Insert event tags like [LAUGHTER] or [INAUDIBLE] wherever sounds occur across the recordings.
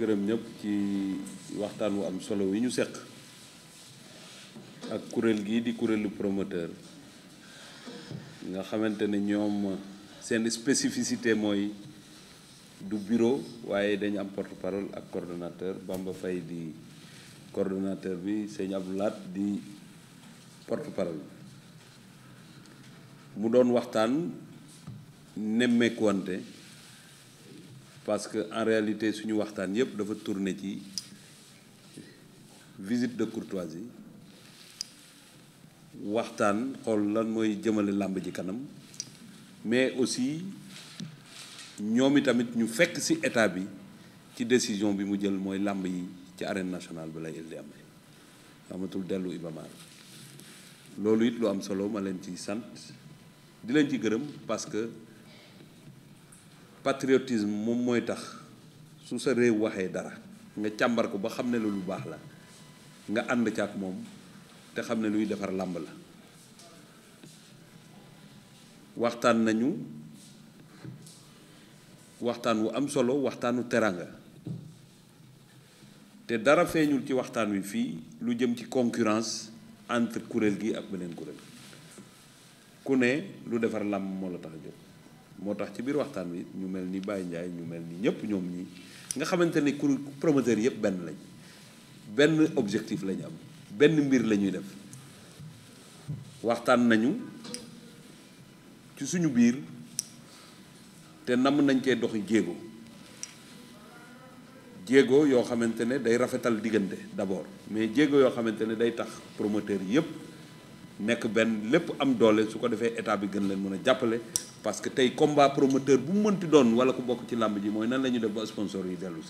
gërëm ñëpp ci waxtaan wu am solo wi ñu seq ak kuréel gii di kuréelu promoteur nga xamante ne ñoom seen spécificité mooy du bureau waaye dañu am porte parole ak coordonnateur Bamba Faye di coordonnateur bi sëñ Abdou Lahat di porte parole mu doon waxtaan nemmeekuwante parce que en réalité suñu waxtaan yépp dafa tourner ci visite de courtoisie waxtaan xool lan mooy jëmale làmb ji kanam mais aussi ñoom itamit ñu fekk ci état bi ci décision bi mu jël mooy làmb yi ci arène nationale bi lay indi amee amatul dellu Ibamar loolu it lu am solo ma leen ci sant di leen ci gërëm parce patriotisme moom mooy tax su sa réew waxee dara nga càmbar ko ba xam ne la lu baax la nga ànd ca ak moom te xam ne luy defar làmb la waxtaan nañu waxtaan wu am solo waxtaanu teranga te dara feeñul ci waxtaan wi fii lu jëm ci concurrence entre kuréel gi ak beneen kuréel ku ne lu defar làmb moo la tax a jóg moo tax ci biir waxtaan wi ñu mel ni bàyyi Ndiaye ñu mel ni ñëpp ñoom ñi nga xamante ni ku promoteur yëpp benn lañ benn objectif lañu am benn mbir la ñuy def waxtaan nañu ci suñu biir te namm nañ cee doxi jéego jéego yoo xamante ne day rafetal diggante d'abord mais jéego yoo xamante ne day tax promoteur yëpp. nekk benn lépp am doole su ko defee état bi gën leen mën a jàppale parce que tey combat promoteur bu mu mënti doon wala ku bokk ci làmb ji mooy nan la ñuy def ba sponsor yi dellu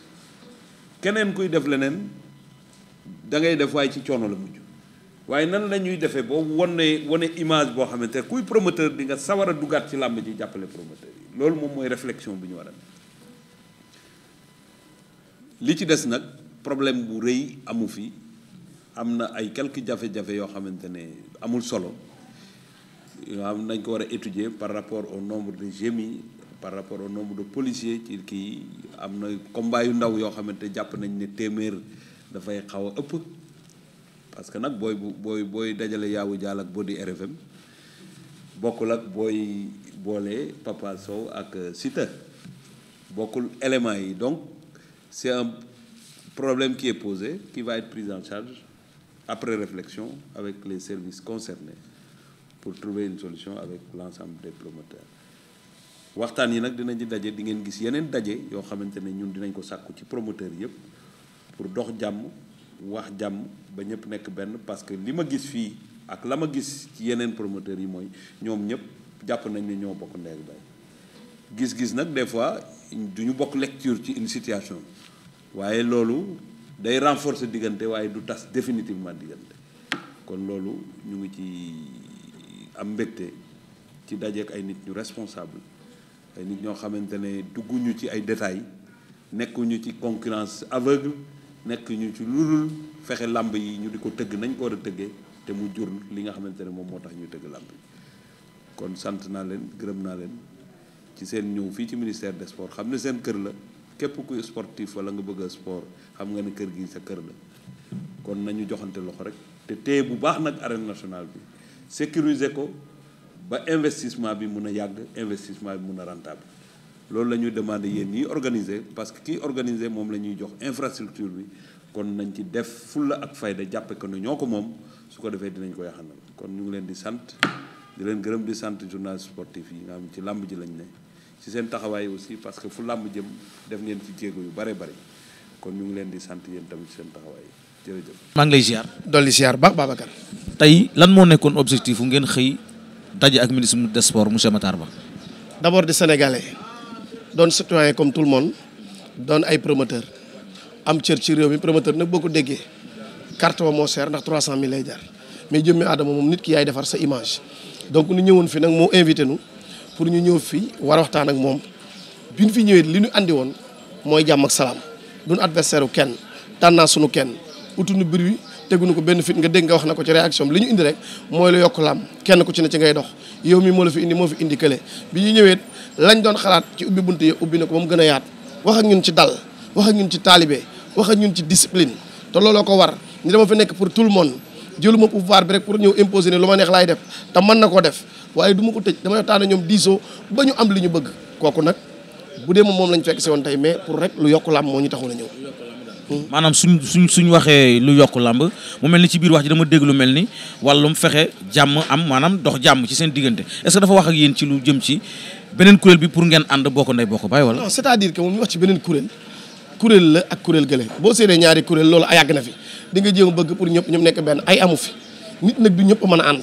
keneen kuy def leneen da ngay def waaye ci coono la mujj waaye nan la ñuy defee boo wane wane image boo xamante ne kuy promoteur di nga sawar a dugaat ci làmb ji jàppale promoteur yi loolu moom mooy reflexion bi ñu war li ci des nag problème bu rëy amu fi. am na ay quelques jafe-jafe yoo xamante ne amul solo yoo xam nañ ko war a étudier par rapport au nombre de GMI par rapport au nombre de policier ci kii am na combat yu ndaw yoo xamante jàpp nañ ne téeméer dafay xaw a ëpp parce que nag booy bu booy booy dajale yaawu jaal ak bodi RFM bokkul ak booy boole Papa Sow ak Siteu bokkul éléments yi donc c'est un problème qui est posé qui va être pris charge après réflexion avec les services concernés pour trouver une solution avec l'ensemble des promoteurs waxtaan yi nag dinañ di daje di ngeen gis yeneen daje yoo xamante ne ñun dinañ ko sàkku ci promoteurs yëpp pour dox jàmm wax jàmm ba ñëpp nekk benn parce que li ma gis fii ak la ma gis ci yeneen promoteurs yi mooy ñoom ñëpp jàpp nañ ne ñoo bokk ndey ak gis-gis nag des fois du ñu bokk lecture ci une situation waaye loolu day renforcer diggante waaye du tas définitivement diggante kon loolu ñu ngi ci am mbégte ci dajeek ay nit ñu responsable ay nit ñoo xamante ne dugguñu ci ay détails nekkuñu ci concurrence aveugle ñu ci lulul fexe làmb yi ñu di ko tëgg nañ ko war a tëggee te mu jur li nga xamante ne moom moo tax ñu tëgg làmb yi kon sant naa leen gërëm naa leen ci seen ñëw fii ci ministère de sport xam ne seen kër la képp kuy sportif wala nga bëgg a sport xam nga ni kër gi sa kër la kon nañu joxante loxo rek te téye bu baax nag arène nationale bi sécuriser ko ba investissement bi mun a yàgg investissement bi mun a rentable loolu lañuy ñuy demandé yéen ñiy organiser parce que kii organiser moom la ñuy jox infrastructure bi kon nañ ci def fulla ak fayda jàppe ko ne ñoo ko moom su ko defee dinañ ko yaxanal kon ñu ngi leen di sant di leen gërëm di sant journal sportif yi nga xam ci làmb ji lañ ne ci seen taxawaay aussi parce que fu làmb jëm def ngeen ci jéego yu bare bare kon ñu ngi leen di sant yéen tamit ci seen taxawaay jërëjëf. maa ngi lay ziar. dolli ziar baax Babacar. tey lan moo nekkoon objectif fu ngeen xëy daje ak ministre des sports monsieur Matar Ba. d' abord di sénégalais doon citoyen comme tout le monde doon ay promoteur am cër ci réew mi promoteur nag boo ko déggee carte ba moo seer ndax 300000 lay jar mais jëmmi aadama moom nit ki yaay defar sa image donc nu ñëwoon fi nag moo invité nu. pour ñu ñëw fii war a waxtaan ak moom bi ñu fi ñëwee li ñu andi woon mooy jàmm ak salaam duñu adversaire wu kenn tànnaa suñu kenn utuñu bir wi teguñu ko benn fit nga dégg nga wax na ko ci réaction bi li ñu indi rek mooy lu yokk lam kenn ku ci ne ci ngay dox yow mi moo la fi indi moo fi indi kële bi ñu ñëwee lañ doon xalaat ci bunt yi ubbi na ko ba mu gën a yaat wax ak ñun ci dal wax ak ñun ci taalibe wax ak ñun ci discipline te looloo ko war ñu dama fi nekk pour tout le monde jëluma pouvoir bi rek pour ñëw imposer ne lu ma neex laay def te mën na koo def waaye du ma ko tëj dama waxtaan ak ñoom diisoo ba ñu am li ñu bëgg kooku nag bu dee moom moom lañ fekk si woon tey mais pour rek lu yokk làmb moo ñu taxoon a ñëw maanaam suñ suñ suñ waxee lu yokk làmb mu mel ni ci biir wax ji dama dégg lu mel ni mu fexe jàmm am maanaam dox jàmm ci seen diggante est-ce que dafa wax ak yéen ci lu jëm ci beneen kuréel bi pour ngeen ànd bokk ndey bokk baay wala non c'est-à-dire que moom ñu wax ci beneen kuréel kuréel la ak kuréel boo séenee ñaari kuréel loolu yàgg na fi di nga jéem bëgg pour ñëpp ñoom nekk benn ay amu fi nit nag du ñëpp mën a ànd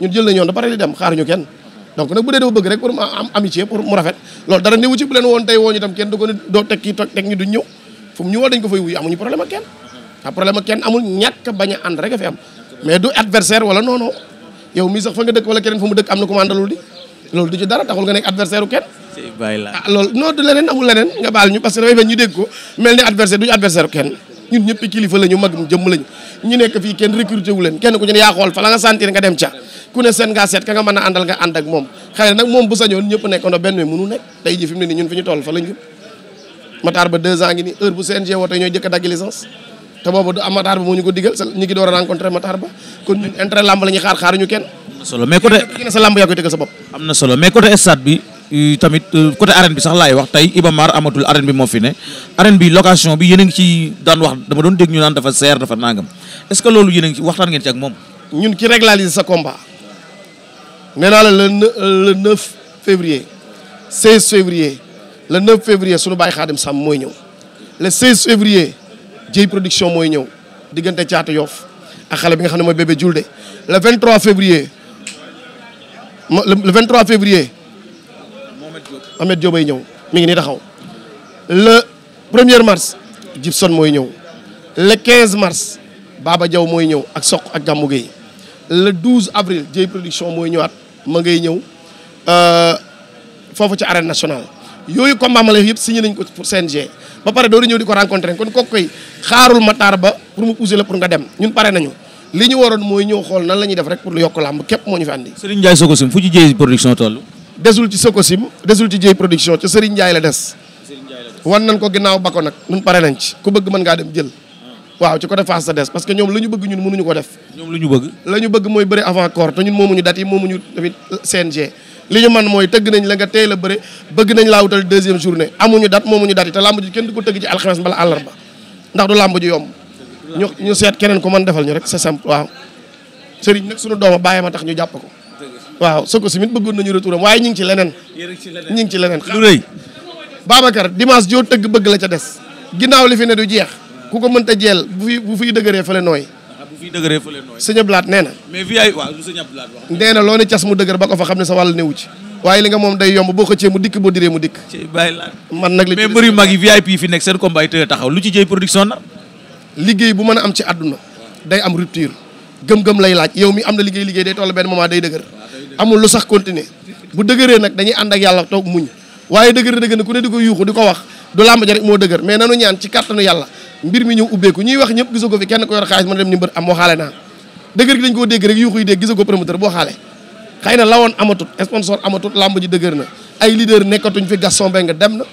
ñun jël nañ yoon da pare di dem xaaruñu kenn donc nag bu dee dafa bëgg rek pour mu am amitié pour mu rafet loolu dara néewu ci bu leen woon tey woo ñu tam kenn du ko ne doo teg kii teg ñu duñ ñëw fu mu ñu woo dañ ko fay wuyu amuñu problème ak kenn ah problème ak kenn amul ñàkk bañ a ànd rek a fi am mais du adversaire wala non non yow mii sax fa nga dëkk wala keneen fa mu dëkk am na ku ma àndalul di loolu du ci dara taxul nga nekk adversaire u kenn ah loolu non du leneen amul leneen nga baal ñu parce que dafay fen ñu dégg ko mel ne adversaire duñu adversaire u kenn ñun ñëpp kilifa la ñu mag jëmm lañu ñu nekk fii kenn recruté wu leen kenn ku ci ne yaa xool fa la nga sentir nga dem ca ku ne seen ngaa seet ka nga mën a àndal nga ànd ak moom xëy nag moom bu sañoon ñëpp nekkoon benn munu nekk tey ji fi mu ne nii ñun fi ñu toll fa lañ mataar ba deux ñu ko digal ñu ngi door wax dama doon dégg ñu naan dafa seer dafa nangam est ce que loolu yéen ci waxtaan ngeen ci ak moom ñun ki régulariser sa combat nee naa la le 9 euh, février 16 février le 9 février suñu bàyyi xaadim sàmm mooy ñëw le 16 février Dieye production mooy ñëw diggante caatu Yoff ak xale bi nga xam ne mooy bébé Julde le 23 février le 23 février Ahmed Diop ay ñëw mi ngi nii taxaw le 1er mars Gibson mooy ñëw le 15 mars Baba jaw mooy ñëw ak soq ak Gamou Gueye le 12 avril Dieye production mooy ñëwaat. ma ngay ñëw euh, foofu ci arène nationale yooyu combat ma lay yëpp signé nañ ko pour CNG ba pare dooru ñëw ko rencontré kon kooku koy xaarul Matar Ba pour mu pousser la pour nga dem ñun pare nañu li ñu waroon mooy ñëw xool nan la def rek pour lu yokk làmb képp moo ñu fi andi. Serigne Ndiaye Sococim fu ci jëyee production toll. desul ci Sococim desul ci jëy production ci Serigne Ndiaye la des. la des wan nañ ko ginnaaw ba ko nag ñun pare nañ ci ku bëgg mën ngaa dem jël. waaw ci côté Fass sa des parce que ñoom la ñu bëgg ñun mënuñu ko def. ñoom ñu bëgg. la ñu bëgg mooy bëri avant corps te ñun moomuñu date yi moomuñu tamit CNG. li ñu man mooy tëgg nañ la nga teel a bëre bëgg nañ laa wutal deuxième journée amuñu date moomuñu date yi te làmb ji kenn du ko tëgg ci alxames mbala àllarba ndax du làmb ji ñu seet keneen ko man defal ñu rek sa simple waaw. sëriñ nag sunu dooma bàyyi ma tax ñu jàpp ko. waaw soo ko simit bëggoon nañu retouram waaye ñu ngi ci leneen. ñu ngi ci leneen lu rëy. Babacar dimanche bëgg la ca des ginnaaw li fi ne du jeex ku ko mënta jeel bu fi bu fiy dëgëree fële nooy. bu fiy dëgëree mais fii ay waaw lu sëñ Ablaat wax. nee na loo ne cas mu dëgër ba ko fa xam ne sa wàll newu ci. waaye li nga moom day yomb boo xëccee mu dikk boo diree mu dikk. man nag li mais mbër mag yi VIP fi nekk seen combat yi tëye taxaw lu ci jëy production na. liggéey bu mën a am ci àdduna day am rupture gëm-gëm lay laaj yow mi am na liggéey liggéey day toll benn moment day dëgër ah, amul lu sax continuer bu dëgëree nag dañuy ànd ak yàlla toog muñ waaye dëgër dëgër ne ku ne di ko yuuxu di ko wax du làmb ja mbir mi ñëw ubbeeku ñuy wax ñëpp gisagoo fi kenn ko yor xaalis mën a dem ni mbër am moo xaale dëgër gi dañ koo dégg rek yu xuy dégg gisagoo promoteur boo xaale xëy na lawoon amatut sponsor amatut làmb ji dëgër na ay leader nekkatuñ fi Gaston Mbengue dem na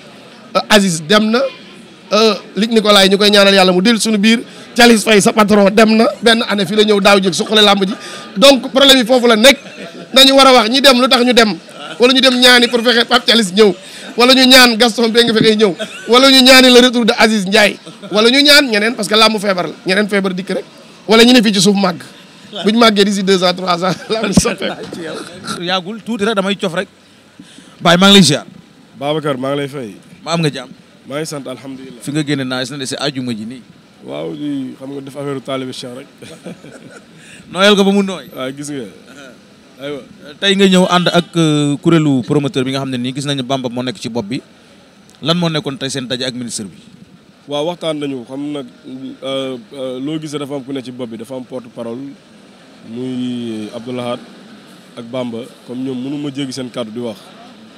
euh, Aziz dem na euh, Luc Nicolaï ñu koy ñaanal yàlla mu dellu suñu biir Thialis Faye sa patron dem na benn année fi la ñëw daaw jëg suqale làmb ji donc problème yi foofu la nekk nañu war a wax ñi dem lu tax ñu dem wala ñu dem ñaani pour fexe Pape Thialis ñëw wala ñu ñaan Gaston bee nga fekkee ñëw wala ñu ñaani le retour de Aziz Ndiaye wala ñu ñaan ñeneen parce que làmb mu la ñeneen feebar dikk rek wala ñu ne fii ci suuf màgg buñ màggee d'ici deux ans trois ans làmb [LAUGHS] soppeeku yàggul tuuti rek damay cof rek baay maa ngi lay ziar Babacar maa ngi lay fay ma am nga jàmm maa ngi sant alhamdulilah fi nga génne naa gis na de si àjjuma ji nii waaw di xam nga def affaire taalibe Cheikh rek [LAUGHS] nooyal ko ba mu nooy [LAUGHS] gis nga tey nga ñëw ànd ak euh, kuréelu promoteur bi nga xam ne nii gis nañu bàmba moo nekk ci bopp bi lan moo nekkoon tey seen daje ak ministre bi. waaw waxtaan nañu xam nag euh, euh, loo gisee dafa am ku ne ci bopp bi dafa am porte parole muy Abdoulahad ak Bamba comme ñoom mënuma ma jéggi seen kàddu di wax.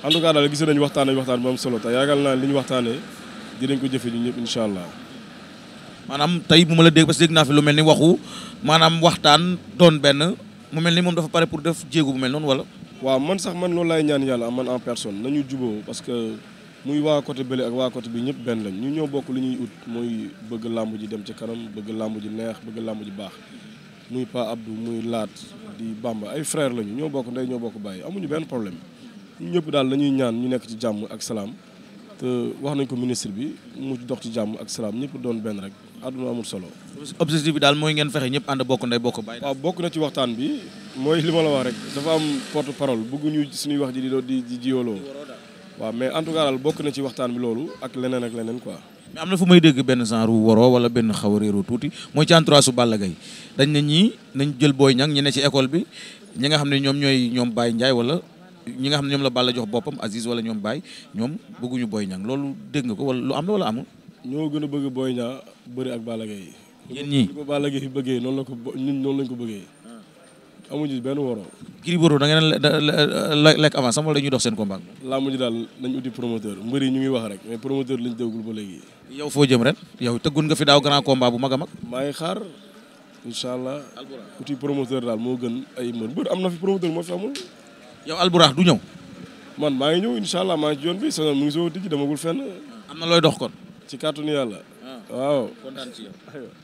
en tout cas daal gisee nañu waxtaan nañu waxtaan bu solo tey yaakaar naa li ñu waxtaanee dinañ ko jëfe ñun ñëpp incha allah. maanaam tey bu ma la dégg parce dégg naa fi lu mel ni waxu maanaam waxtaan doon benn. mu mel ni moom dafa pare pour def jéegu bu mel noonu wala. waa man sax man loolu laay ñaan yàlla man en personne nañu juboo parce que muy waa côté bële ak waa côté bi ñëpp benn lañ ñu ñoo bokk lu ñuy ut muy bëgg làmb ji dem ci kanam bëgg làmb ji neex bëgg làmb ji baax muy Pa Abdou muy Laat di Bamba ay frère lañu ñoo bokk ndey ñoo bokk bàyyi amuñu benn problème ñun ñëpp daal la ñuy ñaan ñu nekk ci jàmm ak salaam. te wax nañ ko ministre bi mu dox ci jàmm ak salaam ñëpp doon benn rek àdduna amul solo. objectif bi daal mooy ngeen fexe ñëpp ànd bokk ndey bokk bàyyi. bokk na ci waxtaan bi mooy li ma la wax rek dafa am porte parole bëgguñu suñuy wax ji di di di jiwaloo waaw mais en tout cas daal bokk na ci waxtaan bi loolu ak leneen ak leneen quoi. mais am na fu may dégg benn genre woro wala benn xaw a tuuti mooy ci entourage su Balla Gaye dañ na ñi nañ jël booy ñang ñi ne ci école bi ñi nga xam ne ñoom ñooy ñoom Baye Ndiaye wala ñi nga xam ne ñoom la Balla jox boppam Aziz wala ñoom Baye ñoom bëgguñu Boy Niang loolu dégg nga ko wala lu am la wala amul. ñoo gën a bëgg Boy Niang bëri ak Balla Gaye. yéen ñii li ko bëggee noonu la ko ñun noonu lañ ko bëggee. amuñu benn woro. Gris Bordeaux da a lekk avance am wala dañuy dox seen combat. làmb ji daal nañ uti promoteur mbëri ñu ngi wax rek mais promoteur lañ déggul ba léegi. yow foo jëm ren yow tëggun nga fi daaw grand combat bu mag a mag. maa ngi xaar incha allah. uti promoteur daal moo gën ay mbër mbër am na fi promoteur moo fi amul. yow alburax du ñëw. man maa ngi ñëw incha allah maa ngi ci yoon bi saison mu ngi soo tijji damagul fenn. am na looy dox kon. ci kàttanu yàlla. Ah. waaw kontaan